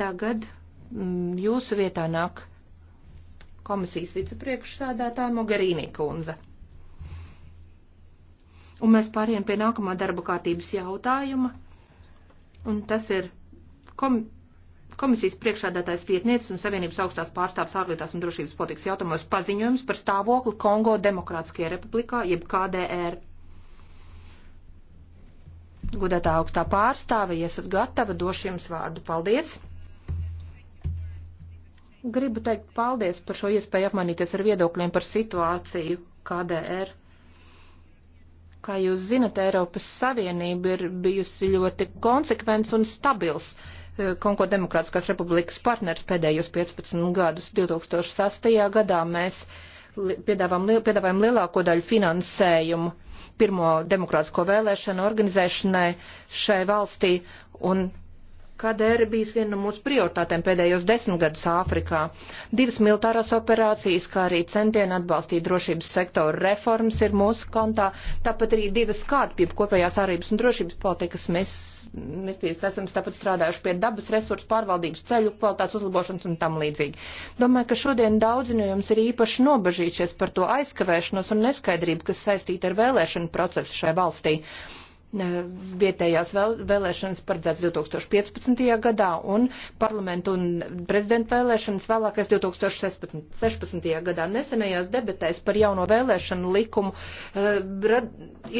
Tagad mm, jūsu vietā nāk komisijas vicepriekšsādātāja Mogarīnī kundze. Un mēs pāriem pie nākamā darba kārtības jautājuma, un tas ir kom komisijas priekšādātājs vietniecis un Savienības augstās pārstāvs ārlietās un drošības politikas jautājumos paziņojums par stāvokli Kongo Demokrātiskajā republikā, jeb KDR. Godētā augstā pārstāve, ja esat gatava, došu jums vārdu. Paldies! Gribu teikt paldies par šo iespēju apmainīties ar viedokļiem par situāciju KDR. Kā jūs zinat, Eiropas Savienība ir bijusi ļoti konsekvents un stabils e, Konko Demokrātiskās republikas partners pēdējos 15 gadus. 2008. gadā mēs piedāvājam, piedāvājam lielāko daļu finansējumu pirmo demokrātisko vēlēšanu organizēšanai šai valstī un KDR bijis viena no mūsu prioritātēm pēdējos desmit gadus Āfrikā. Divas militārās operācijas, kā arī centieni atbalstīt drošības sektoru reformas ir mūsu kontā, tāpat arī divas kādu pie kopējās ārības un drošības politikas mēs, mēs esam tāpat strādājuši pie dabas resursu pārvaldības ceļu kvalitātes uzlabošanas un tam līdzīgi. Domāju, ka šodien daudzi no jums ir īpaši nobežījušies par to aizkavēšanos un neskaidrību, kas saistīta ar vēlēšanu procesu šai valstī vietējās vēl, vēlēšanas paredzētas 2015. gadā un parlamentu un prezidentu vēlēšanas vēlākais 2016. gadā. Nesenajās debatēs par jauno vēlēšanu likumu eh,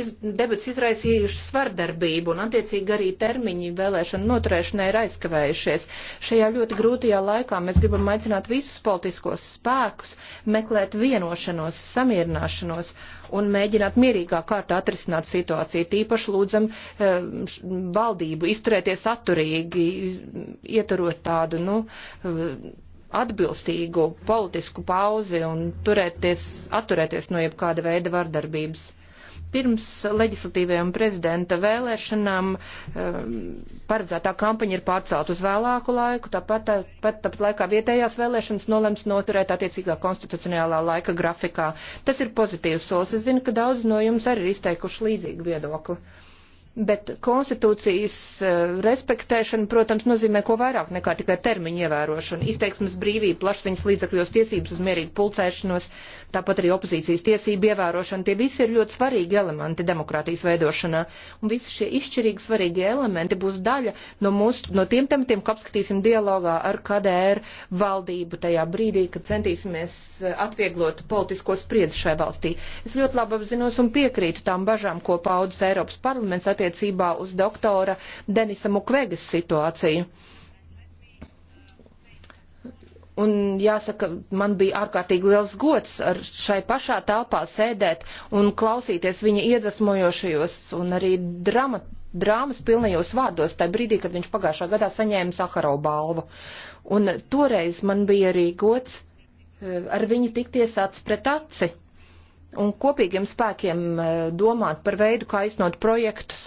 iz, debats izraisījuši svardarbību un attiecīgi arī termiņi vēlēšanu noturēšanai ir aizkavējušies. Šajā ļoti grūtajā laikā mēs gribam aicināt visus politiskos spēkus meklēt vienošanos, samierināšanos un mēģināt mierīgā kārtā atrisināt situāciju. Tīpaši lūdzam eh, valdību izturēties atturīgi, ieturot tādu, nu, eh, atbilstīgu politisku pauzi un turēties, atturēties no jebkāda veida vardarbības. Pirms leģislatīvajām prezidenta vēlēšanām um, paredzētā kampaņa ir pārcelt uz vēlāku laiku, tāpat, tāpat, tāpat laikā vietējās vēlēšanas nolems noturēt attiecīgā konstitucionālā laika grafikā. Tas ir pozitīvs solis. Es zinu, ka daudz no jums arī ir izteikuši līdzīgu viedokli bet konstitūcijas eh, respektēšana, protams, nozīmē ko vairāk nekā tikai termiņu ievērošanu. Izteiksmes brīvība, plašsaziņas līdzakļos tiesības uz mierīgu pulcēšanos, tāpat arī opozīcijas tiesību ievērošana, tie visi ir ļoti svarīgi elementi demokrātijas veidošanā. Un visi šie izšķirīgi svarīgie elementi būs daļa no, mūsu, no tiem tematiem, ko apskatīsim dialogā ar KDR valdību tajā brīdī, kad centīsimies eh, atvieglot politisko spriedzi šai valstī. Es ļoti labi apzinos un piekrītu tām bažām, ko paudzes Eiropas parlaments attiecībā uz doktora Denisa Mukvegas situāciju. Un jāsaka, man bija ārkārtīgi liels gods ar šai pašā telpā sēdēt un klausīties viņa iedvesmojošajos un arī drama, drāmas pilnajos vārdos tajā brīdī, kad viņš pagājušā gadā saņēma Saharau balvu. Un toreiz man bija arī gods eh, ar viņu tikties acs pret aci un kopīgiem spēkiem eh, domāt par veidu, kā iznot projektus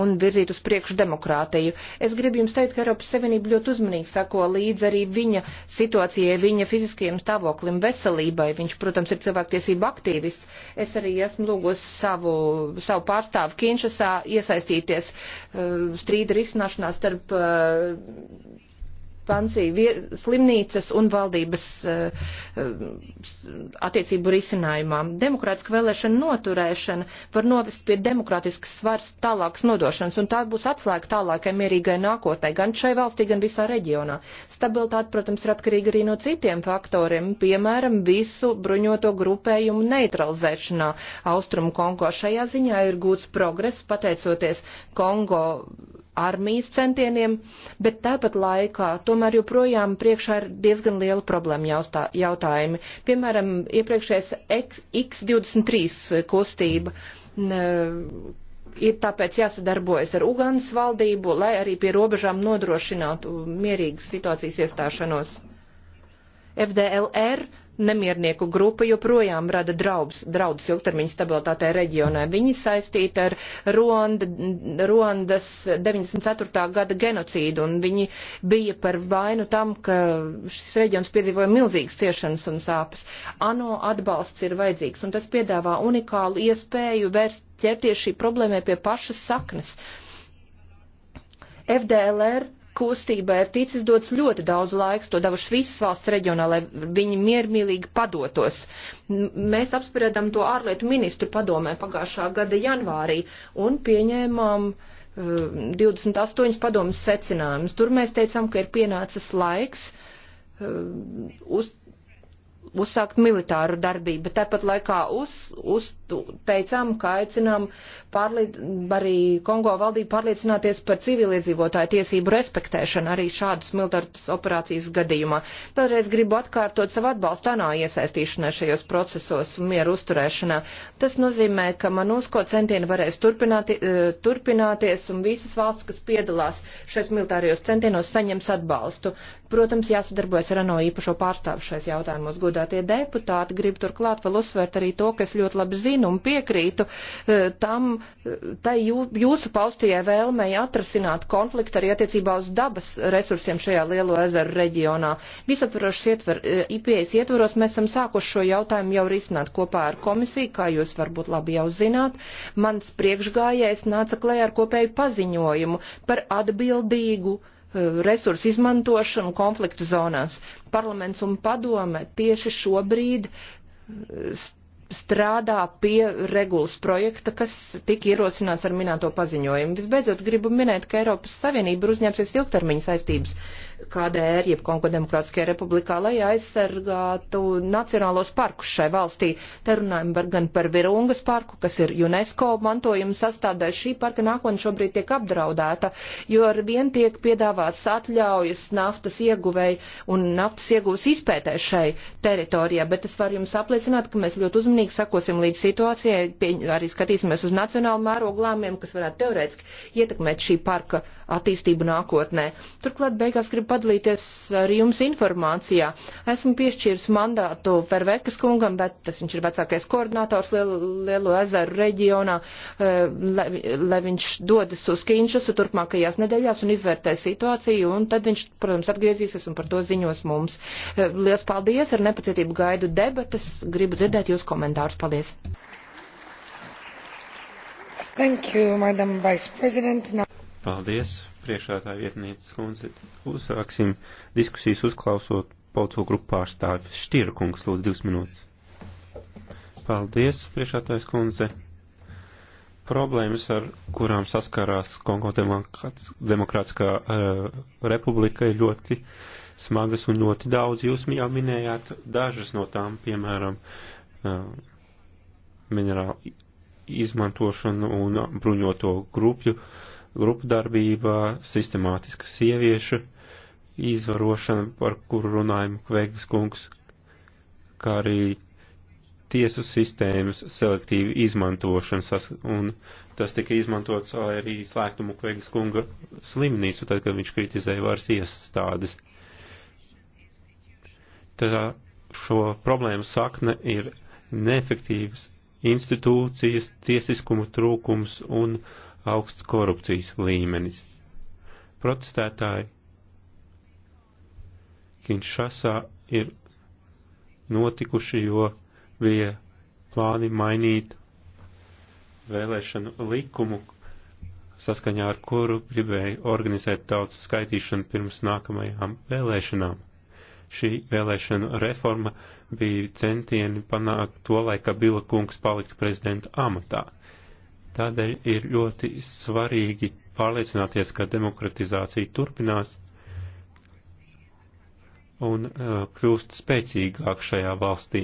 un virzīt uz priekšu demokrātiju. Es gribu jums teikt, ka Eiropas Savienība ļoti uzmanīgi sako līdz arī viņa situācijai, viņa fiziskajam stāvoklim, veselībai. Viņš, protams, ir cilvēktiesība aktīvists. Es arī esmu lūgus savu, savu pārstāvu Kinšasā iesaistīties uh, strīda risināšanā starp uh, pansiju slimnīcas un valdības eh, attiecību risinājumā. Demokrātiska vēlēšana noturēšana var novest pie demokrātiskas svars tālākas nodošanas, un tā būs atslēga tālākai mierīgai nākotnē, gan šai valstī, gan visā reģionā. Stabilitāte, protams, ir atkarīga arī no citiem faktoriem, piemēram, visu bruņoto grupējumu neutralizēšanā Austrumu Kongo. Šajā ziņā ir gūts progress pateicoties Kongo armijas centieniem, bet tāpat laikā tomēr joprojām priekšā ir diezgan liela problēma jautājumi. Piemēram, iepriekšējais X23 kustība ir tāpēc jāsadarbojas ar Uganas valdību, lai arī pie robežām nodrošinātu mierīgas situācijas iestāšanos. FDLR nemiernieku grupa joprojām rada draudus, draudus ilgtermiņa stabilitātei reģionā. Viņi saistīti ar Ruanda, Ruandas 94. gada genocīdu, un viņi bija par vainu tam, ka šis reģions piedzīvoja milzīgas ciešanas un sāpes. ANO atbalsts ir vajadzīgs, un tas piedāvā unikālu iespēju vērst ķerties šī problēmai pie pašas saknes. FDLR kustībai ir ticis dots ļoti daudz laiks, to devuši visas valsts reģionā, lai viņi miermīlīgi padotos. Mēs apspriedām to ārlietu ministru padomē pagājušā gada janvārī un pieņēmām uh, 28 padomus secinājumus. Tur mēs teicām, ka ir pienācis laiks uh, uz uzsākt militāru darbību. Tāpat laikā uz, uz teicām, ka aicinām pārlied, arī Kongo valdību pārliecināties par civiliedzīvotāju tiesību respektēšanu arī šādus militāras operācijas gadījumā. Tāpēc gribu atkārtot savu atbalstu ANO iesaistīšanai šajos procesos un mieru uzturēšanā. Tas nozīmē, ka Manusko centieni varēs turpināt, eh, turpināties un visas valsts, kas piedalās šais militārajos centienos, saņems atbalstu. Protams, jāsadarbojas ar ANO īpašo pārstāvu šais jautājumos. Godīgi godātie deputāti, gribu turklāt vēl uzsvērt arī to, kas ļoti labi zinu un piekrītu eh, tam, eh, tai jū, jūsu paustajai vēlmei atrasināt konfliktu arī attiecībā uz dabas resursiem šajā lielo ezeru reģionā. Visaptvarošas ietver, eh, IPS ietvaros mēs esam sākuši šo jautājumu jau risināt kopā ar komisiju, kā jūs varbūt labi jau zināt. Mans priekšgājējs nāca klē ar kopēju paziņojumu par atbildīgu Eh, resursu izmantošanu konfliktu zonās. Parlaments un padome tieši šobrīd eh, strādā pie regulas projekta, kas tika ierosināts ar minēto paziņojumu. Visbeidzot, gribu minēt, ka Eiropas Savienība ir uzņēmusies ilgtermiņa saistības KDR, jeb Kongo Demokrātiskajā republikā, lai aizsargātu nacionālos parkus šai valstī. Te runājam par, gan par Virungas parku, kas ir UNESCO mantojuma sastādē. Šī parka nākotne šobrīd tiek apdraudēta, jo ar vien tiek piedāvāts atļaujas naftas ieguvēji un naftas ieguvas izpētē šai teritorijā. Bet es varu jums apliecināt, ka mēs ļoti uzmanīgi sakosim līdz situācijai, pie, arī skatīsimies uz nacionālu mērogu lēmumiem, kas varētu teorētiski ietekmēt šī parka attīstību nākotnē. Turklāt beigās gribu padalīties ar jums informācijā. Esmu piešķīris mandātu Ferverkas kungam, bet tas viņš ir vecākais koordinators Lielo, Lielo ezeru reģionā, eh, lai, lai viņš dodas uz Kīņšusu turpmākajās nedēļās un izvērtē situāciju, un tad viņš, protams, atgriezīsies un par to ziņos mums. Eh, Lielas paldies, ar nepacietību gaidu debatas, gribu dzirdēt jūs komentārus. Paldies! Thank you, Madam Vice President. Paldies priekšētā vietnieces kundze. Uzsāksim diskusijas uzklausot pauco grupu pārstāvis. Štīra kungs, lūdzu, divas minūtes. Paldies, priekšētājs kundze. Problēmas, ar kurām saskarās Kongo Demokrātiskā uh, republika, ir ļoti smagas un ļoti daudz. Jūs jau minējāt dažas no tām, piemēram, uh, eh, minerālu izmantošanu un bruņoto grupju uh, grupu darbībā, sistemātiska sieviešu izvarošana, par kuru runājam Kveigas kungs, kā arī tiesu sistēmas selektīva izmantošana, un tas tika izmantots arī slēgtumu Kveigas kunga slimnīcu, tad, kad viņš kritizēja varas iestādes. Tā šo problēmu sakne ir neefektīvas institūcijas, tiesiskuma trūkums un augsts korupcijas līmenis. Protestētāji Kinšasā ir notikuši, jo bija plāni mainīt vēlēšanu likumu, saskaņā ar kuru gribēja organizēt tautas skaitīšanu pirms nākamajām vēlēšanām. Šī vēlēšanu reforma bija centieni panākt to, lai Kabila kungs paliktu prezidenta amatā. Tādēļ ir ļoti svarīgi pārliecināties, ka demokratizācija turpinās un uh, kļūst spēcīgāk šajā valstī.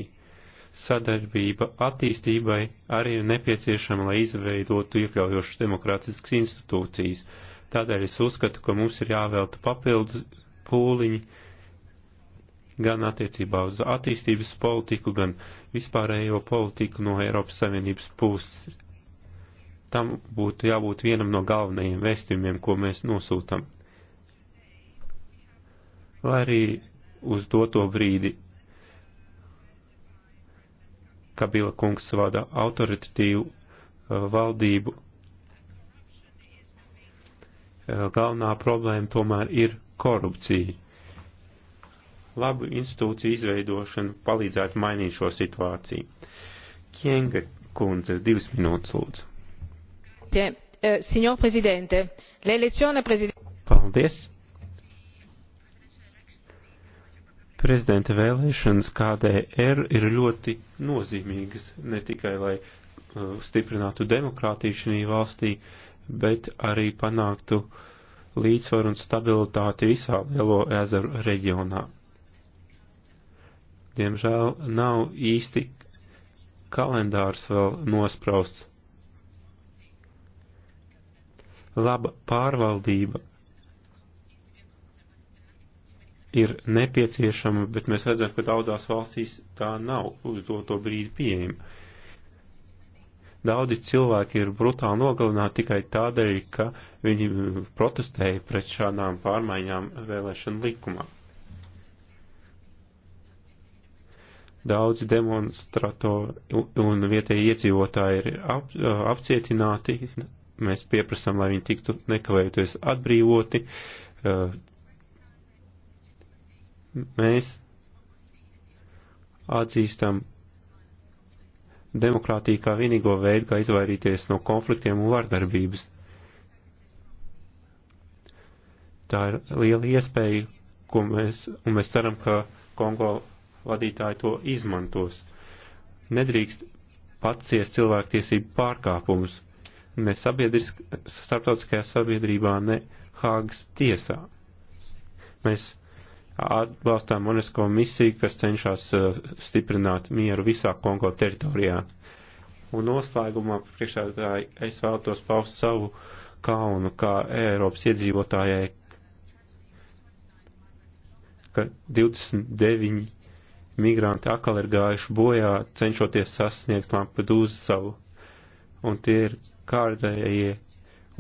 Sadarbība attīstībai arī ir nepieciešama, lai izveidotu iekļaujošas demokrātiskas institūcijas. Tādēļ es uzskatu, ka mums ir jāvelta papildus pūliņi gan attiecībā uz attīstības politiku, gan vispārējo politiku no Eiropas Savienības puses Tam būtu jābūt vienam no galvenajiem vēstījumiem, ko mēs nosūtam. Lai arī uz doto brīdi Kabila kungs vada autoritatīvu uh, valdību. Uh, galvenā problēma tomēr ir korupcija. Labu institūciju izveidošana palīdzētu mainīt šo situāciju. Kienga kundze, divas minūtes lūdzu. Eh, signor presidente l'elezione presidenziale. prezidenta vēlēšanas kdr ir ļoti nozīmīgas ne tikai lai uh, stiprinātu demokrātiju šajā valstī, bet arī panāktu līdzsvaru un stabilitāti visā lielo ezeru reģionā. Diemžēl nav īsti kalendārs vēl nosprausts, laba pārvaldība ir nepieciešama, bet mēs redzam, ka daudzās valstīs tā nav uz to, to brīdi pieejama. Daudzi cilvēki ir brutāli nogalināti tikai tādēļ, ka viņi protestēja pret šādām pārmaiņām vēlēšana likumā. Daudzi demonstratori un vietēji iedzīvotāji ir ap, apcietināti, Mēs pieprasām, lai viņi tiktu nekavējoties atbrīvoti. Eh, mēs atzīstam demokrātiju kā vienīgo veidu, kā izvairīties no konfliktiem un vardarbības. Tā ir liela iespēja, ko mēs, un mēs ceram, ka Kongo vadītāji to izmantos. Nedrīkst pats ciest cilvēktiesību pārkāpumus ne starptautiskajā sabiedrībā, ne Hāgas tiesā. Mēs atbalstām UNESCO misiju, kas cenšas uh, stiprināt mieru visā Kongo teritorijā. Un noslēgumā priekšādātāji es vēlētos paust savu kaunu kā Eiropas iedzīvotājai, ka 29 migranti akal ir gājuši bojā, cenšoties sasniegt Lampedūzu savu. Un tie ir kārtējie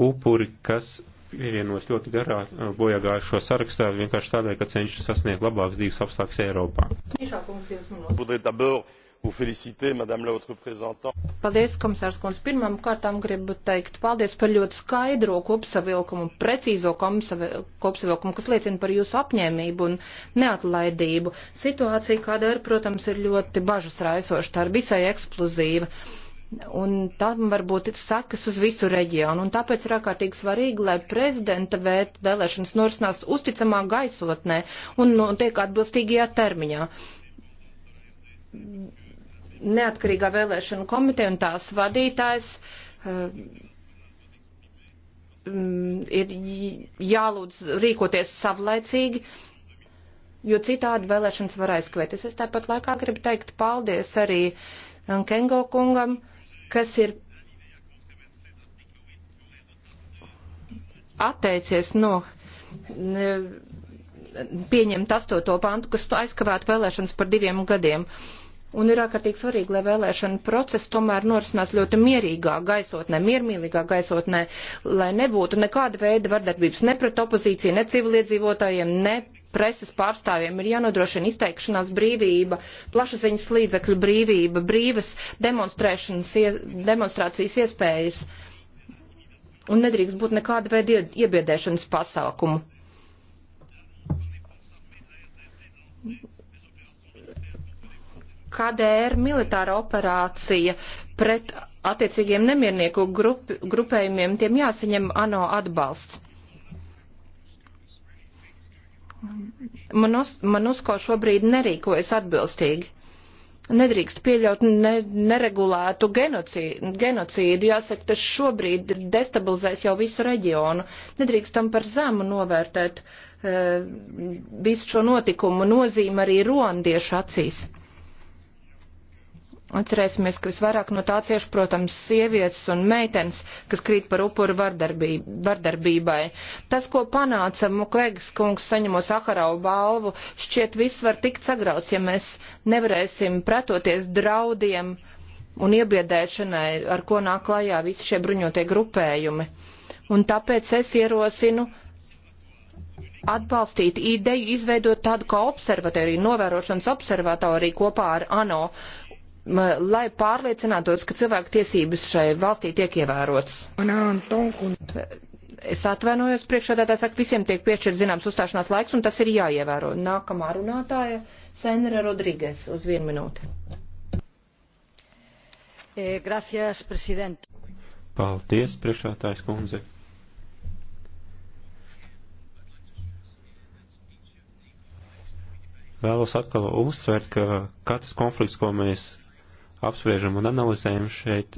upuri, kas pievienos ļoti garā uh, bojāgājušo sarakstā vienkārši tādēļ, ka cenšas sasniegt labākas dzīves apstākļus Eiropā. Paldies, komisārs Kons. Pirmām kārtām gribu teikt paldies par ļoti skaidro kopsavilkumu, precīzo kopsavilkumu, kas liecina par jūsu apņēmību un neatlaidību. Situācija, kāda ir, protams, ir ļoti bažas raisoša, tā ir visai eksplozīva. Uh, Un tam var būt sakas uz visu reģionu. Un tāpēc ir ārkārtīgi svarīgi, lai prezidenta vēt vēlēšanas norisinās uzticamā gaisotnē un notiek nu, atbilstīgajā termiņā. Neatkarīgā vēlēšana komiteja un tās vadītājs uh, ir jālūdz rīkoties savlaicīgi jo citādi vēlēšanas var aizkvēties. Es tāpat laikā gribu teikt paldies arī Kengo kungam, uh, kas ir atteicies no pieņemt astoto pantu, kas aizkavētu vēlēšanas par diviem gadiem. Uh, Un ir ārkārtīgi svarīgi, lai vēlēšana process tomēr norisinās ļoti mierīgā gaisotnē, miermīlīgā gaisotnē, lai nebūtu nekāda veida vardarbības ne pret opozīciju, ne civiliedzīvotājiem, ne preses pārstāvjiem. Ir jānodrošina izteikšanās brīvība, plašsaziņas līdzekļu brīvība, brīvas demonstrēšanas, demonstrācijas iespējas. Un nedrīkst būt nekāda veida iebiedēšanas pasākumu KDR militāra operācija pret attiecīgiem nemiernieku grup, grupējumiem, tiem jāsaņem ANO atbalsts. Manus, Manusko šobrīd nerīkojas atbilstīgi. Nedrīkst pieļaut ne, neregulētu genocīdu, genocīdu. Jāsaka, tas šobrīd destabilizēs jau visu reģionu. Nedrīkstam par zemu novērtēt e, visu šo notikumu nozīmi arī ruandiešu acīs. Atcerēsimies, ka visvairāk no tā cieši, protams, sievietes un meitenes, kas krīt par upuru vardarbībai. Tas, ko panāca Mukvegas kungs saņemot Saharau balvu, šķiet viss var tikt sagrauts, ja mēs nevarēsim pretoties draudiem un iebiedēšanai, ar ko nāk klajā visi šie bruņotie grupējumi. Un tāpēc es ierosinu atbalstīt ideju izveidot tādu kā observatoriju, novērošanas observatoriju kopā ar ANO, lai pārliecinātos, ka cilvēku tiesības šai valstī tiek ievērotas. Es atvainojos priekšādātā saka, visiem tiek piešķirt zināms uzstāšanās laiks, un tas ir jāievēro. Nākamā runātāja Senra Rodrīgas uz vienu minūti. E, gracias, prezident. Paldies, priekšādātājs kundze. Vēlos atkal uzsvērt, ka katrs konflikts, ko mēs apspriežam un analizējam šeit,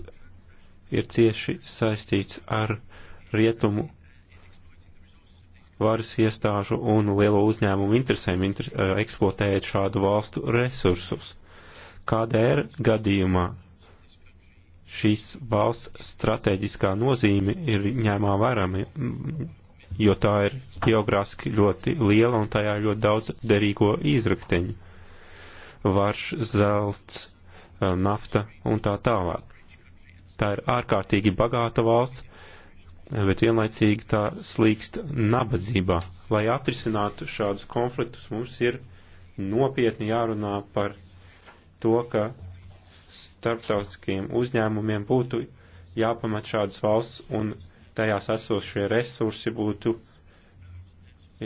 ir cieši saistīts ar rietumu varas iestāžu un lielo uzņēmumu interesēm inter, eh, eksploatējot šādu valstu resursus. KDR gadījumā šīs valsts strateģiskā nozīme ir ņēmā vērami, jo tā ir geogrāfiski ļoti liela un tajā ļoti daudz derīgo izrakteņu. Varš, zelts, Eh, nafta un tā tālāk. Tā ir ārkārtīgi bagāta valsts, bet vienlaicīgi tā slīkst nabadzībā. Lai atrisinātu šādus konfliktus, mums ir nopietni jārunā par to, ka starptautiskiem uzņēmumiem būtu jāpamat šādas valsts un tajās esošie resursi būtu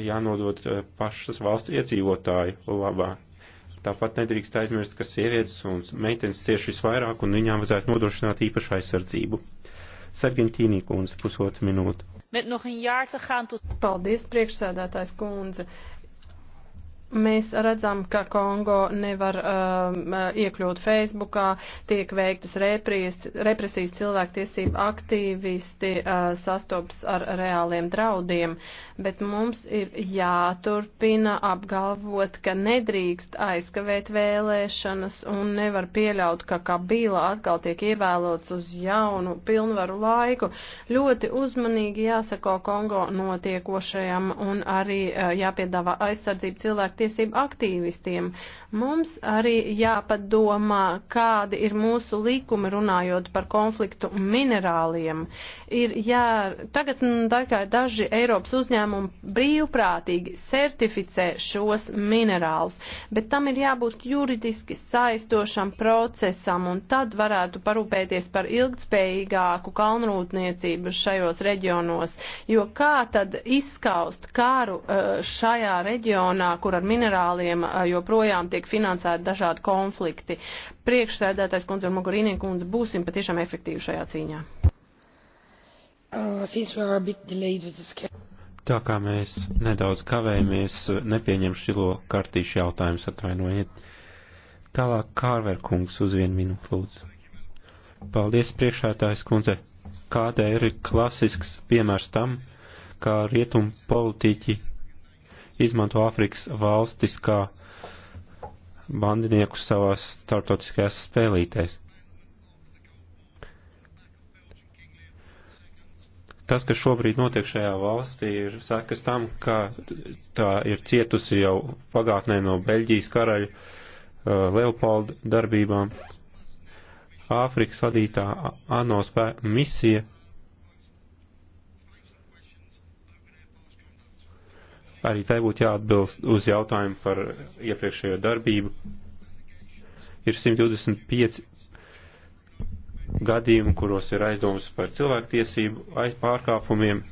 jānodot eh, pašas valsts iedzīvotāju labā. Tāpat nedrīkst aizmirst, ka sievietes un meitenes cieši visvairāk un viņām vajadzētu nodrošināt īpašu aizsardzību. Sargentīnī kundze, pusotru minūtu. Paldies, priekšsēdētājs kundze. Mēs redzam, ka Kongo nevar um, iekļūt Facebookā, tiek veiktas represijas, cilvēktiesību aktīvisti uh, sastops ar reāliem draudiem, bet mums ir jāturpina apgalvot, ka nedrīkst aizkavēt vēlēšanas un nevar pieļaut, ka Kabila atkal tiek ievēlots uz jaunu pilnvaru laiku. Ļoti uzmanīgi jāsako Kongo notiekošajam un arī uh, jāpiedāvā aizsardzību cilvēku cilvēktiesību aktīvistiem. Mums arī jāpadomā, kādi ir mūsu likumi runājot par konfliktu minerāliem. Ir jā, tagad mm, tikai daži Eiropas uzņēmumi brīvprātīgi certificē šos minerālus, bet tam ir jābūt juridiski saistošam procesam, un tad varētu parūpēties par ilgtspējīgāku kalnrūtniecību šajos reģionos, jo kā tad izskaust kāru eh, šajā reģionā, kur ar par minerāliem joprojām tiek finansēti dažādi konflikti. Priekšsēdētājs kundze un Mogurīnie kundze būsim patiešām efektīvi šajā cīņā. Uh, Tā kā mēs nedaudz kavējamies, nepieņem šilo kartīšu jautājumus, atvainojiet. Tālāk Kārver kungs uz vienu minūtu lūdzu. Paldies priekšētājs kundze. Kādēļ ir klasisks piemērs tam, kā rietumu politiķi izmanto Āfrikas valstis kā bandiniekus savās startautiskajās spēlītēs. Tas, kas šobrīd notiek šajā valstī, ir sekas tam, ka tā ir cietusi jau pagātnē no Beļģijas karaļa uh, Leopolda darbībām. Āfrikas vadītā ANO misija Arī tai būtu jāatbilst uz jautājumu par iepriekšējo darbību. Ir 125 gadījumu, kuros ir aizdomas par cilvēktiesību aiz pārkāpumiem.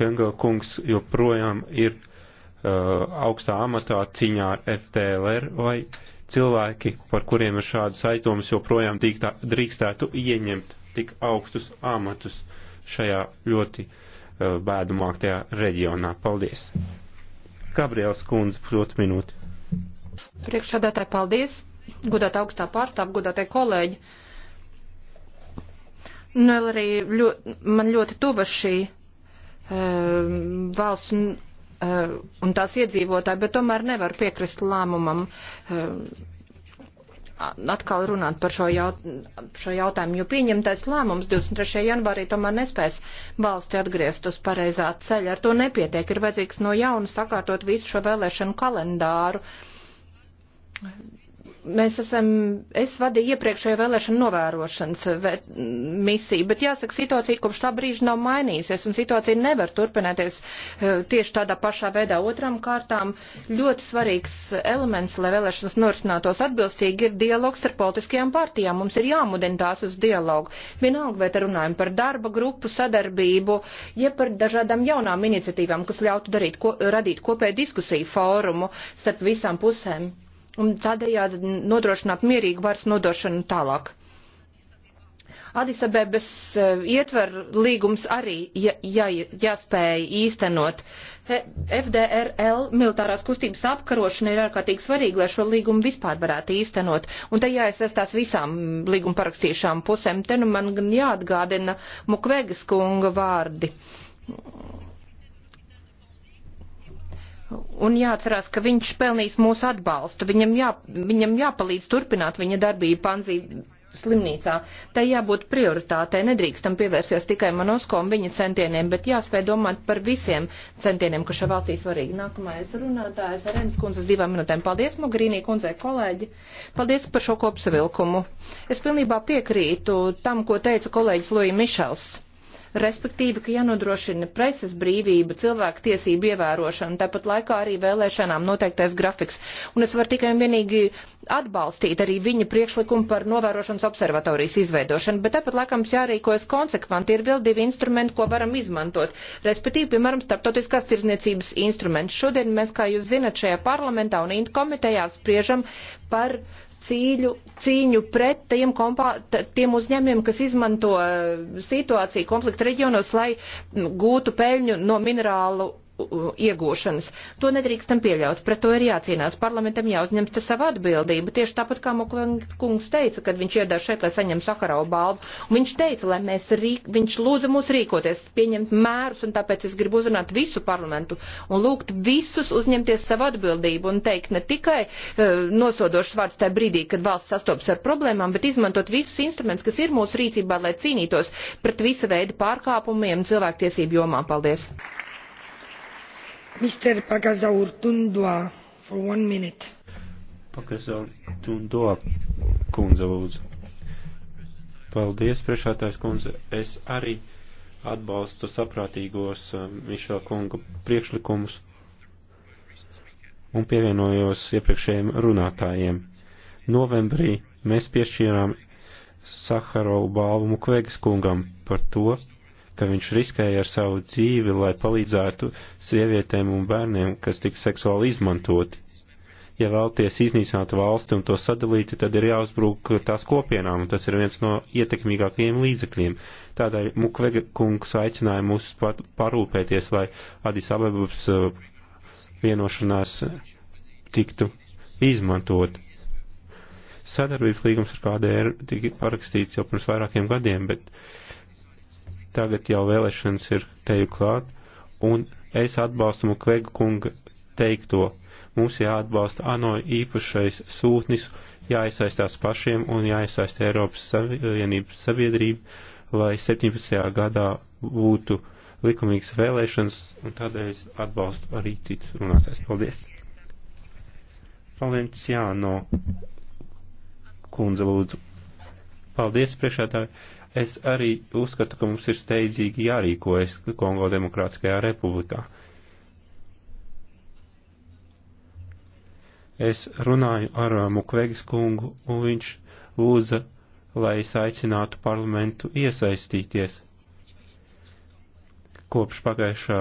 Kengela kungs joprojām ir uh, augstā amatā ciņā ar FTLR vai cilvēki, par kuriem ir šādas aizdomas, joprojām drīkstētu ieņemt tik augstus amatus šajā ļoti uh, bēdu māktajā reģionā. Paldies! Gabriels Kundze, prot minūti. Priekšādātāji, paldies! Gudāt augstā pārstāv, gudātāji kolēģi! Nu, arī ļo, man ļoti tuva šī uh, valsts un, uh, eh, un tās iedzīvotāji, bet tomēr nevar piekrist lēmumam. Uh, atkal runāt par šo, jaut, šo jautājumu, jo pieņemtais lēmums 23. janvārī tomēr nespēs valsti atgriezt uz pareizā ceļa. Ar to nepietiek. Ir vajadzīgs no jauna sakārtot visu šo vēlēšanu kalendāru Mēs esam, es vadīju iepriekšējo vēlēšanu novērošanas vet, misiju, bet jāsaka, situācija kopš tā brīža nav mainījusies, un situācija nevar turpināties e, tieši tādā pašā veidā. Otram kārtām ļoti svarīgs elements, lai vēlēšanas norisinātos atbilstīgi, ir dialogs ar politiskajām partijām. Mums ir jāmudina tās uz dialogu. Vienalga, vai te runājam par darba grupu sadarbību, ja par dažādām jaunām iniciatīvām, kas ļautu darīt, ko, radīt kopēju diskusiju fórumu starp visām pusēm un tādējādi nodrošināt mierīgu varas nodošanu tālāk. Adisabebes eh, ietver līgums arī jā, jā, jāspēj īstenot. FDRL militārās kustības apkarošana ir ārkārtīgi svarīga, lai šo līgumu vispār varētu īstenot. Un te jāiesaistās visām līguma parakstīšām pusēm. Te nu man gan jāatgādina Mukvegas kunga vārdi un jāatcerās, ka viņš pelnīs mūsu atbalstu. Viņam, jā, viņam jāpalīdz turpināt viņa darbību panzī slimnīcā. Tai jābūt prioritātei, nedrīkstam pievērsties tikai Monosko un viņa centieniem, bet jāspēj domāt par visiem centieniem, kas šajā valstī svarīgi. Nākamais runātājs Renes kundzes divām minūtēm. Paldies, Mogrīnī kundzei, kolēģi. Paldies par šo kopsavilkumu. Es pilnībā piekrītu tam, ko teica kolēģis Loja Mišels respektīvi, ka jānodrošina preses brīvība, cilvēku tiesību ievērošana, tāpat laikā arī vēlēšanām noteiktais grafiks. Un es varu tikai un vienīgi atbalstīt arī viņa priekšlikumu par novērošanas observatorijas izveidošanu, bet tāpat laikam jārīkojas konsekventi, ir vēl divi instrumenti, ko varam izmantot, respektīvi, piemēram, starptautiskās tirzniecības instruments. Šodien mēs, kā jūs zinat, šajā parlamentā un komitejā spriežam par cīļu, cīņu pret tiem, kompā, tiem uzņēmiem, kas izmanto e, situāciju konflikta reģionos, lai gūtu peļņu no minerālu iegūšanas. To nedrīkstam pieļaut, pret to ir jācīnās. Parlamentam jāuzņem te savu atbildību. Tieši tāpat kā Mokvenkungs teica, kad viņš iedās šeit, lai saņemtu Sakarau balvu, un viņš teica, lai mēs, rīk, viņš lūdza mūs rīkoties, pieņemt mērus, un tāpēc es gribu uzrunāt visu parlamentu un lūgt visus uzņemties savu atbildību un teikt ne tikai uh, nosodošs vārds tajā brīdī, kad valsts sastopas ar problēmām, bet izmantot visus instrumentus, kas ir mūsu rīcībā, lai cīnītos pret visu veidu pārkāpumiem cilvēktiesību jomā. Paldies! Tundua, Tundua, kundze, lūdzu. Paldies, priekšētājs kundze. Es arī atbalstu saprātīgos um, Mišela kunga priekšlikumus un pievienojos iepriekšējiem runātājiem. Novembrī mēs piešķīrām Saharovu balvu Mukvegas kungam par to, ka viņš riskēja ar savu dzīvi, lai palīdzētu sievietēm un bērniem, kas tika seksuāli izmantoti. Ja vēlties iznīcināt valsti un to sadalīt, tad ir jāuzbrūk tās kopienām, un tas ir viens no ietekmīgākajiem līdzekļiem. Tādēļ Mukwege kungs aicināja mūs parūpēties, lai Adis Abebabs uh, vienošanās tiktu izmantot. Sadarbības līgums ar KDR tika parakstīts jau pirms vairākiem gadiem, bet tagad jau vēlēšanas ir teju klāt, un es atbalstu Mukwege kunga teikto. Mums jāatbalsta ANO īpašais sūtnis, jāiesaistās pašiem un jāiesaista Eiropas Savienības sabiedrība, lai 17. gadā būtu likumīgas vēlēšanas, un tādēļ es atbalstu arī citus runātājs. Paldies! Valenciāno kundze lūdzu. Paldies, priekšētāji! Es arī uzskatu, ka mums ir steidzīgi jārīkojas Kongo Demokrātiskajā republikā. Es runāju ar uh, Mukvegas kungu, un viņš lūdza, lai es aicinātu parlamentu iesaistīties. Kopš pagājušā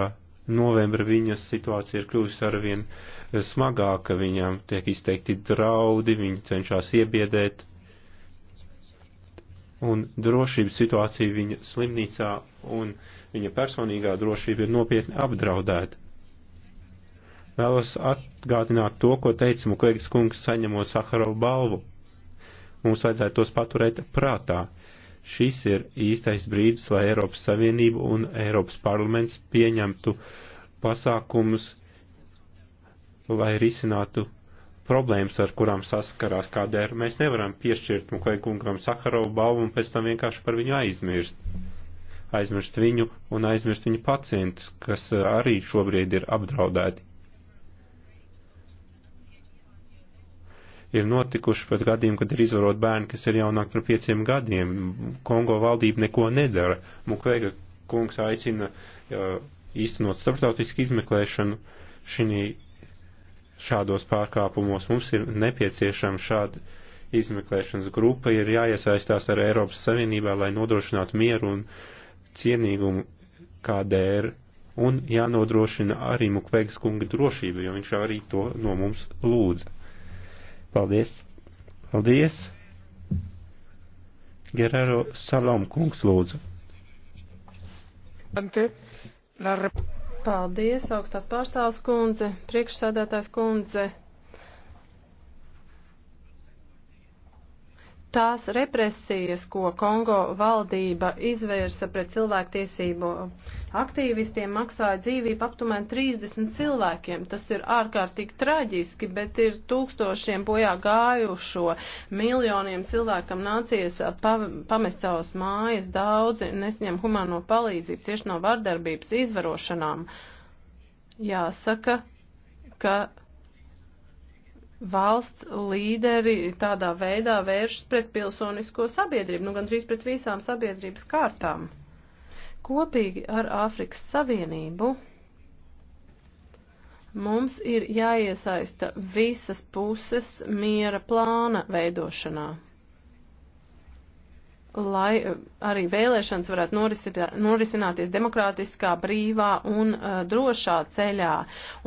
novembra viņas situācija ir kļuvusi arvien uh, smagāka, viņām tiek izteikti draudi, viņi cenšas iebiedēt un drošības situācija viņa slimnīcā un viņa personīgā drošība ir nopietni apdraudēta. Vēlos atgādināt to, ko teica Mukvegs kungs saņemot Sakarovu balvu. Mums vajadzētu tos paturēt prātā. Šis ir īstais brīdis, lai Eiropas Savienība un Eiropas parlaments pieņemtu pasākumus, lai risinātu problēmas, ar kurām saskarās, kādēļ mēs nevaram piešķirt Mukwegungam Sakarovu balvu un pēc tam vienkārši par viņu aizmirst. Aizmirst viņu un aizmirst viņu pacientus, kas eh, arī šobrīd ir apdraudēti. Ir notikuši pat gadījumi, kad ir izvarot bērni, kas ir jaunāk par pieciem gadiem. Kongo valdība neko nedara. Mukwega kungs aicina uh, īstenot starptautisku izmeklēšanu šī šādos pārkāpumos. Mums ir nepieciešama šāda izmeklēšanas grupa, ir jāiesaistās ar Eiropas Savienībā, lai nodrošinātu mieru un cienīgumu KDR un jānodrošina arī Mukvegas kunga drošība, jo viņš arī to no mums lūdza. Paldies! Paldies! Gerero Salom kungs lūdzu. Ante, la... Paldies, augstās pārstāvs kundze, priekšsēdētājs kundze. tās represijas, ko Kongo valdība izvērsa pret cilvēktiesību aktīvistiem, maksāja dzīvību aptuveni 30 cilvēkiem. Tas ir ārkārtīgi traģiski, bet ir tūkstošiem bojā gājušo, miljoniem cilvēkam nācies pamest savas mājas, daudzi nesņem humano palīdzību tieši no vardarbības izvarošanām. Jāsaka, ka valsts līderi tādā veidā vēršas pret pilsonisko sabiedrību, nu gandrīz pret visām sabiedrības kārtām. Kopīgi ar Āfrikas Savienību mums ir jāiesaista visas puses miera plāna veidošanā lai eh, arī vēlēšanas varētu norisināties demokrātiskā, brīvā un uh, drošā ceļā.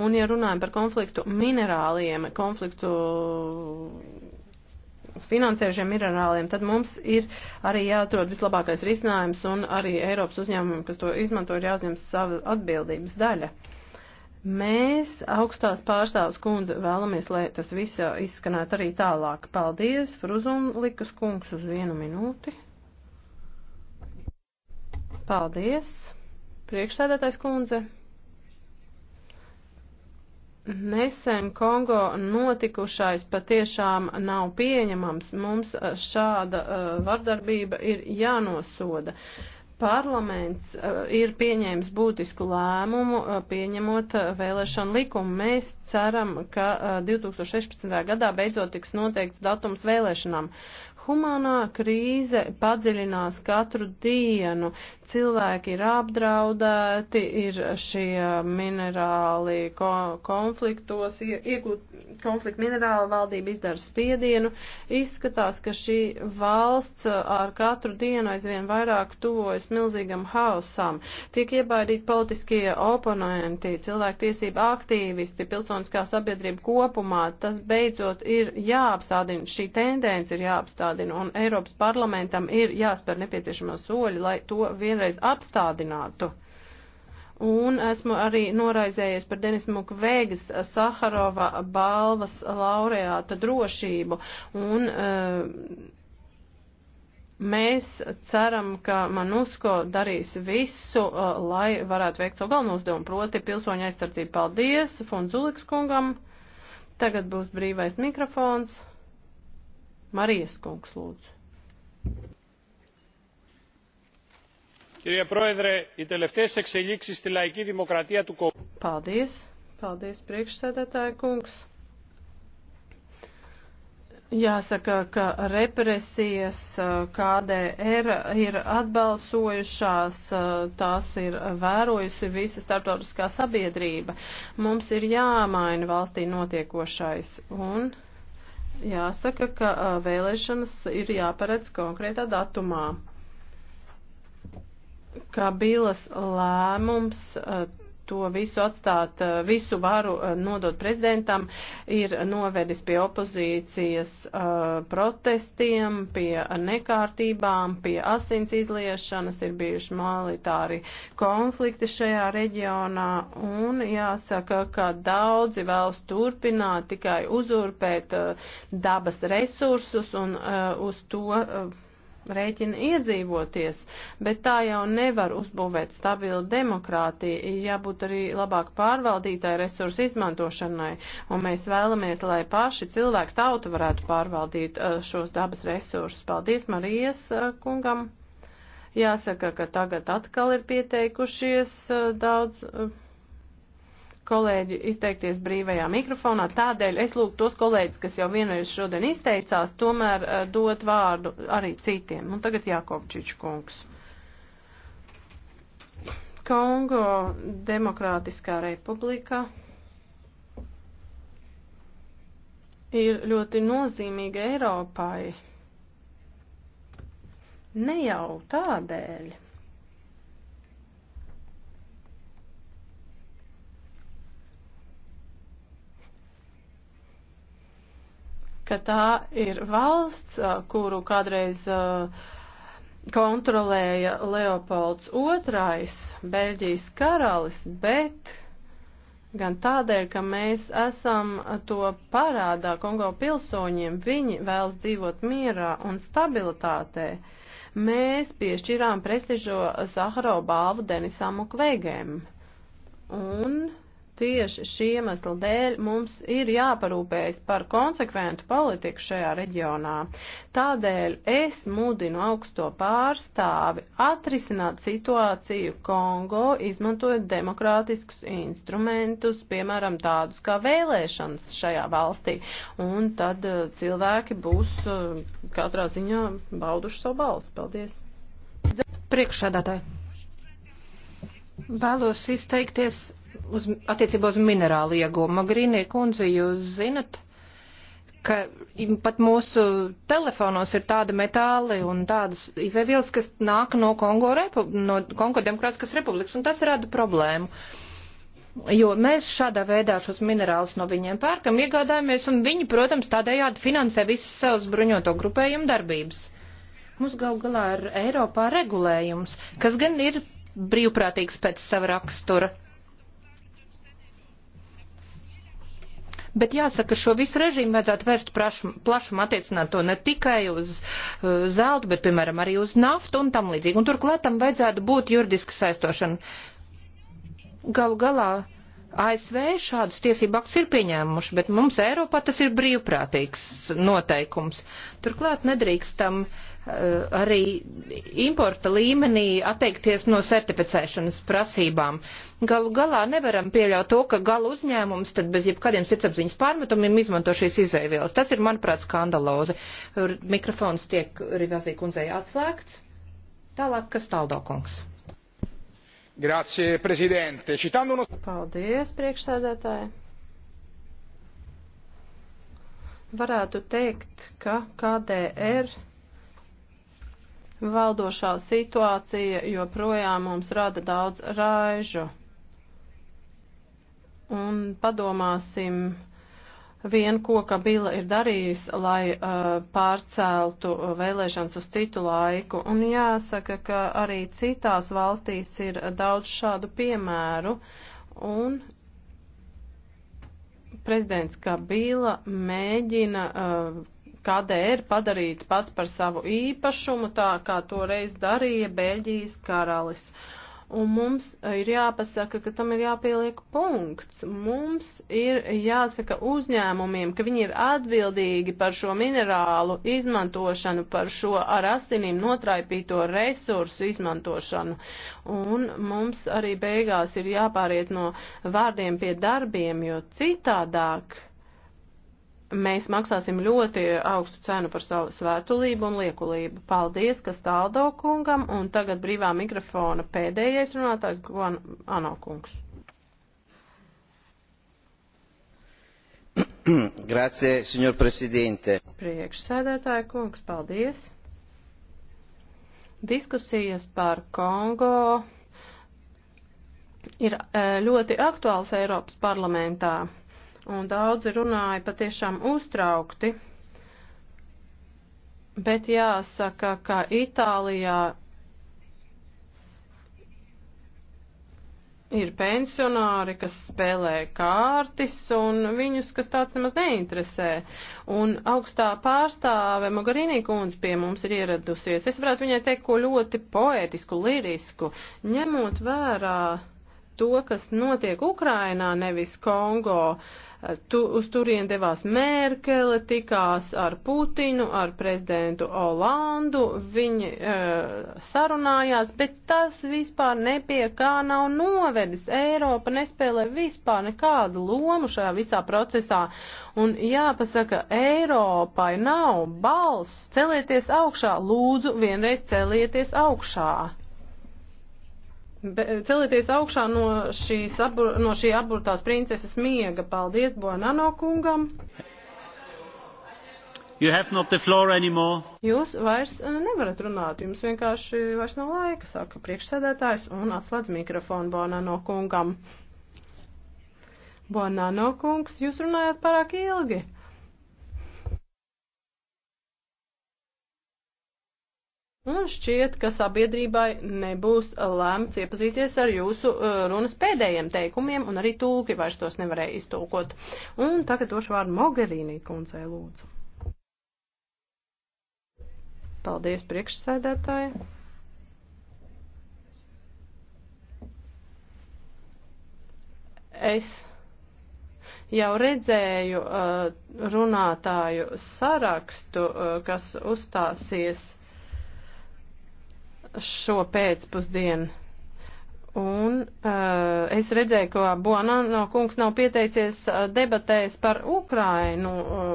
Un, ja runājam par konfliktu minerāliem, konfliktu finansējušiem minerāliem, tad mums ir arī jāatrod vislabākais risinājums un arī Eiropas uzņēmumiem, kas to izmanto, ir jāuzņem savu atbildības daļa. Mēs augstās pārstāvs kundze vēlamies, lai tas viss izskanētu arī tālāk. Paldies, Fruzunlikas kungs, uz vienu minūti. Paldies, priekšsēdētājs kundze. Nesen Kongo notikušais patiešām nav pieņemams. Mums šāda uh, vardarbība ir jānosoda. Uh, Parlaments ir pieņēmis būtisku lēmumu, uh, pieņemot uh, vēlēšanu likumu. Mēs ceram, ka 2016. Uh, gadā beidzot tiks noteikts datums vēlēšanām. Humanā krīze padziļinās katru dienu. Cilvēki ir apdraudēti, ir šie minerāli ko konfliktos, iegūt konfliktu minerāli valdība izdara spiedienu. Izskatās, ka šī valsts uh, ar katru dienu aizvien vairāk tuvojas milzīgam hausam. Tiek iebaidīti politiskie oponenti, cilvēktiesība aktīvisti, pilsoniskā sabiedrība kopumā. Tas beidzot ir jāapstādina, šī tendence ir jāapstādina jāatgādina, un Eiropas parlamentam ir jāspēr nepieciešamo soļi, lai to vienreiz apstādinātu. Un esmu arī noraizējies par Denis Mukvegas Saharova balvas laureāta drošību. Un, uh, Mēs ceram, ka Manusko darīs visu, uh, lai varētu veikt savu galveno uzdevumu, proti pilsoņa aizsardzību. Paldies Funzuliks kungam. Tagad būs brīvais mikrofons. Marijas kungs lūdzu. Kirja Proedre, ir teleftēs ekselīksis ti laikī demokratija tu kopā. Paldies, paldies priekšsēdētāja kungs. Jāsaka, ka represijas KDR ir atbalsojušās, tās ir vērojusi visa starptautiskā sabiedrība. Mums ir jāmaina valstī notiekošais un jāsaka, ka vēlēšanas ir jāparedz konkrētā datumā. Kabilas lēmums to visu atstāt, eh, visu varu eh, nodot prezidentam, ir novedis pie opozīcijas eh, protestiem, pie nekārtībām, pie asins izliešanas, ir bijuši militāri konflikti šajā reģionā, un jāsaka, ka daudzi vēlas turpināt tikai uzurpēt dabas resursus un uz to rēķina iedzīvoties, bet tā jau nevar uzbūvēt stabilu demokrātiju, jābūt arī labāk pārvaldītāju resursu izmantošanai, un mēs vēlamies, lai paši cilvēki tauta varētu pārvaldīt eh, šos dabas resursus. Paldies Marijas eh, kungam! Jāsaka, ka tagad atkal ir pieteikušies eh, daudz kolēģi izteikties brīvajā mikrofonā. Tādēļ es lūgtu tos kolēģis, kas jau vienreiz šodien izteicās, tomēr uh, dot vārdu arī citiem. Un tagad Jākovčič kungs. Kongo Demokrātiskā republika ir ļoti nozīmīga Eiropai. Ne jau tādēļ. ka tā ir valsts, kuru kādreiz kontrolēja Leopolds II, Beļģijas karalis, bet gan tādēļ, ka mēs esam to parādā Kongo pilsoņiem, viņi vēlas dzīvot mierā un stabilitātē. Mēs piešķirām prestižo Zaharo balvu Denisam Ukvegēm. Un Tieši šī iemesla dēļ mums ir jāparūpējas par konsekventu politiku šajā reģionā. Tādēļ es mudinu augsto pārstāvi atrisināt situāciju Kongo, izmantojot demokrātiskus instrumentus, piemēram, tādus kā vēlēšanas šajā valstī, un tad eh, cilvēki būs eh, katrā ziņā bauduši savu balsi. Paldies! Priekšsēdētāji! Vēlos izteikties uz, attiecībā uz minerālu iegūmu. Magrīnie kundze, jūs zinat, ka pat mūsu telefonos ir tādi metāli un tādas izēvielas, kas nāk no Kongo, Repu, no Kongo Demokrātiskas republikas, un tas rada problēmu. Jo mēs šādā veidā šos minerālus no viņiem pērkam, iegādājamies, un viņi, protams, tādējādi finansē visas savas bruņoto grupējumu darbības. Mums gal galā ir Eiropā regulējums, kas gan ir brīvprātīgs pēc sava rakstura bet jāsaka, šo visu režīmu vajadzētu vērst plašumu attiecināt to ne tikai uz uh, zeltu, bet, piemēram, arī uz naftu un tam līdzīgi. Un turklāt tam vajadzētu būt juridiski saistošana. Galu galā ASV šādus tiesību aktus ir pieņēmuši, bet mums Eiropā tas ir brīvprātīgs noteikums. Turklāt nedrīkstam. Uh, Eh, arī importa līmenī atteikties no certificēšanas prasībām. Galu galā nevaram pieļaut to, ka gala uzņēmums tad bez jebkādiem sirdsapziņas pārmetumiem izmanto šīs izēvielas. Tas ir, manuprāt, skandalozi. Mikrofons tiek Rivazī kundzei atslēgts. Tālāk, kas taldo kungs? Grazie, prezidente. Citando uno... Paldies, priekšsēdētāji varētu teikt, ka KDR Valdošā situācija joprojām mums rada daudz raižu. Un padomāsim vien, ko Kabila ir darījis, lai uh, pārceltu uh, vēlēšanas uz citu laiku. Un jāsaka, ka arī citās valstīs ir daudz šādu piemēru. Un prezidents Kabila mēģina uh, KDR padarīt pats par savu īpašumu, tā kā to reiz darīja Beļģijas karalis. Un mums ir jāpasaka, ka tam ir jāpieliek punkts. Mums ir jāsaka uzņēmumiem, ka viņi ir atbildīgi par šo minerālu izmantošanu, par šo ar asinīm notraipīto resursu izmantošanu. Un mums arī beigās ir jāpāriet no vārdiem pie darbiem, jo citādāk mēs maksāsim ļoti augstu cenu par savu svētulību un liekulību. Paldies, kas tāldo kungam, un tagad brīvā mikrofona pēdējais runātājs Guan Ano kungs. Grazie, signor Presidente. Priekšsēdētāja kungs, paldies. Diskusijas par Kongo ir eh, ļoti aktuāls Eiropas parlamentā un daudzi runāja patiešām uztraukti, bet jāsaka, ka Itālijā ir pensionāri, kas spēlē kārtis un viņus, kas tāds nemaz neinteresē. Un augstā pārstāve Mogarīnī kundze pie mums ir ieradusies. Es varētu viņai teikt ko ļoti poētisku, lirisku, ņemot vērā to, kas notiek Ukrainā, nevis Kongo. Tu, uz turien devās Merkele, tikās ar Putinu, ar prezidentu Olandu, viņi e, sarunājās, bet tas vispār nepie kā nav novedis. Eiropa nespēlē vispār nekādu lomu šajā visā procesā. Un jāpasaka, Eiropai nav balss. Celieties augšā, lūdzu, vienreiz celieties augšā. Celieties augšā no, šīs, abur, no šī aburtās princeses miega. Paldies Bonano kungam. You have not the floor anymore. Jūs vairs eh, nevarat runāt, jums vienkārši vairs nav laika, saka priekšsēdētājs un atslēdz mikrofonu Bonano kungam. Bonano kungs, jūs runājat pārāk ilgi. Un šķiet, ka sabiedrībai nebūs lēmts iepazīties ar jūsu uh, runas pēdējiem teikumiem, un arī tulki vairs tos nevarēja iztulkot. Un tagad došu vārdu Mogherīnī kundzei lūdzu. Paldies priekšsēdētāji. Es jau redzēju uh, runātāju sarakstu, uh, kas uzstāsies šo pēcpusdienu. Un uh, es redzēju, ka Bonanno kungs nav pieteicies uh, debatēs par Ukrainu, uh,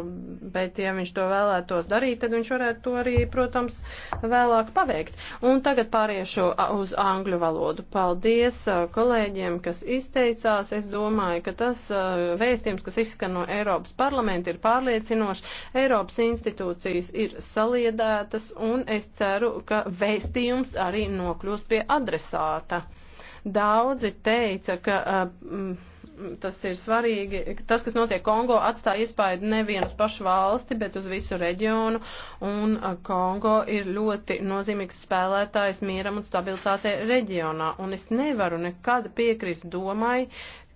bet ja viņš to vēlētos darīt, tad viņš varētu to arī, protams, vēlāk paveikt. Un tagad pāriešu uz angļu valodu. Paldies uh, kolēģiem, kas izteicās. Es domāju, ka tas uh, vēstījums, kas izskan no Eiropas parlamenta, ir pārliecinošs. Eiropas institūcijas ir saliedētas, un es ceru, ka vēstījums arī nokļūs pie adresāta. Daudzi teica, ka. Uh, tas ir svarīgi. Tas, kas notiek Kongo, atstāja iespaidu nevienu uz pašu valsti, bet uz visu reģionu, un eh, Kongo ir ļoti nozīmīgs spēlētājs mieram un stabilitātei reģionā, un es nevaru nekad piekrist domai,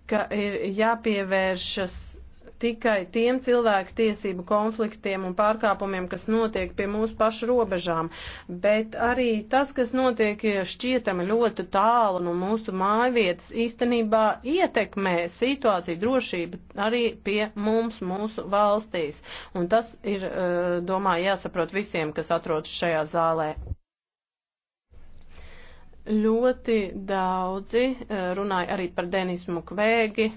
ka ir jāpievēršas tikai tiem cilvēku tiesību konfliktiem un pārkāpumiem, kas notiek pie mūsu pašu robežām, bet arī tas, kas notiek šķietami ļoti tālu no mūsu mājvietas, īstenībā ietekmē situāciju drošību arī pie mums, mūsu valstīs. Un tas ir, eh, domāju, jāsaprot visiem, kas atrodas šajā zālē ļoti daudzi eh, runāja arī par Denisu Mukvēgi,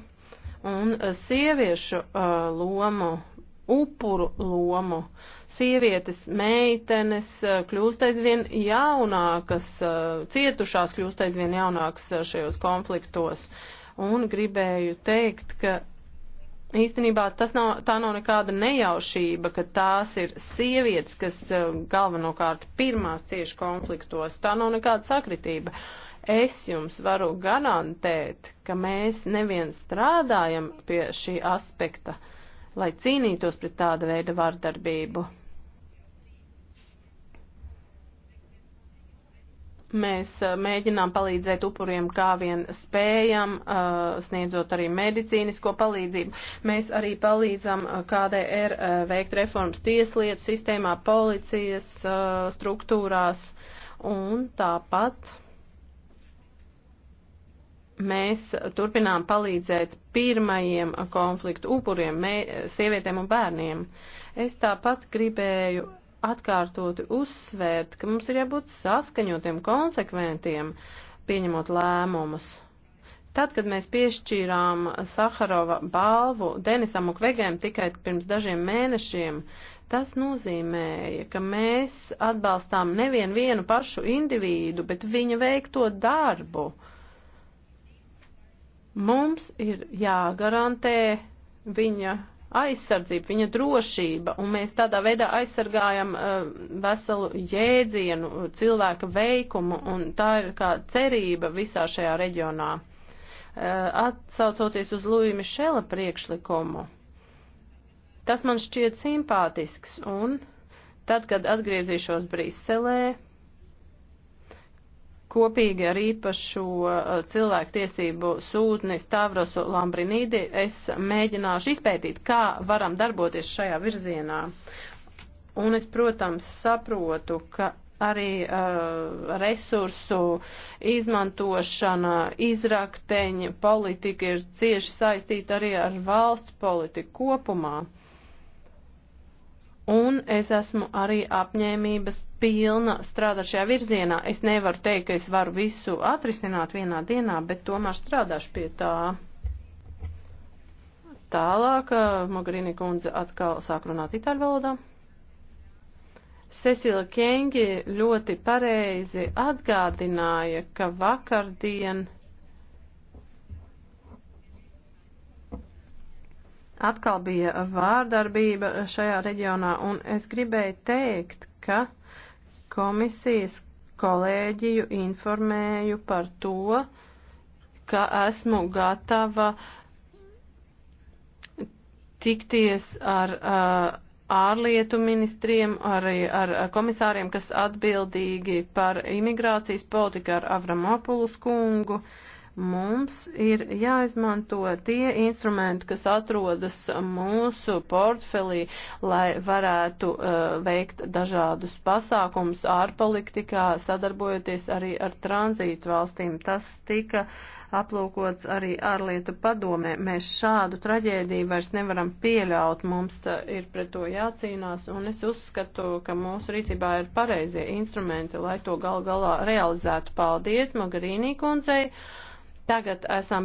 un eh, sieviešu uh, lomu, upuru lomu. Sievietes, meitenes eh, kļūst aizvien jaunākas, uh, cietušās kļūst aizvien jaunākas šajos konfliktos. Un gribēju teikt, ka īstenībā tas nav, tā nav nekāda nejaušība, ka tās ir sievietes, kas uh, galvenokārt pirmās cieši konfliktos. Tā nav nekāda sakritība. Uh, Es jums varu garantēt, ka mēs nevien strādājam pie šī aspekta, lai cīnītos pret tāda veida vardarbību. Mēs uh, mēģinām palīdzēt upuriem, kā vien spējam, uh, sniedzot arī medicīnisko palīdzību. Mēs arī palīdzam uh, KDR veikt reformas tieslietu sistēmā, policijas struktūrās un tāpat mēs turpinām palīdzēt pirmajiem konfliktu upuriem, mē, sievietēm un bērniem. Es tāpat gribēju atkārtoti uzsvērt, ka mums ir jābūt saskaņotiem, konsekventiem, pieņemot lēmumus. Tad, kad mēs piešķīrām Saharova balvu Denisam Ukvegēm tikai pirms dažiem mēnešiem, tas nozīmēja, ka mēs atbalstām nevienu pašu individu, bet viņa veikto darbu. Uh, Mums ir jāgarantē viņa aizsardzība, viņa drošība, un mēs tādā veidā aizsargājam uh, veselu jēdzienu, cilvēka veikumu, un tā ir kā cerība visā šajā reģionā. Uh, atsaucoties uz Lūija Mišela priekšlikumu, tas man šķiet simpātisks, un tad, kad atgriezīšos Briselē, kopīgi ar īpašo uh, cilvēktiesību sūtni Stavrosu Lambrinīdi es mēģināšu izpētīt, kā varam darboties šajā virzienā. Un es, protams, saprotu, ka arī uh, resursu izmantošana, izrakteņa politika ir cieši saistīta arī ar valsts politiku kopumā un es esmu arī apņēmības pilna strādāt šajā virzienā. Es nevaru teikt, ka es varu visu atrisināt vienā dienā, bet tomēr strādāšu pie tā. Tālāk eh, Mogherini kundze atkal sāk runāt itāļu valodā. Cecila Kengi ļoti pareizi atgādināja, ka vakardien atkal bija vārdarbība šajā reģionā, un es gribēju teikt, ka komisijas kolēģiju informēju par to, ka esmu gatava tikties ar uh, ārlietu ministriem, arī ar uh, komisāriem, kas atbildīgi par imigrācijas politiku ar Avramopulus kungu. Uh, Mums ir jāizmanto tie instrumenti, kas atrodas mūsu portfelī, lai varētu uh, veikt dažādus pasākumus ārpolitikā, sadarbojoties arī ar tranzītu valstīm. Tas tika aplūkots arī ārlietu padomē. Mēs šādu traģēdiju vairs nevaram pieļaut, mums ir pret to jācīnās, un es uzskatu, ka mūsu rīcībā ir pareizie instrumenti, lai to gal galā realizētu. Paldies Magarīnī kundzei! Tagad esam beiguši.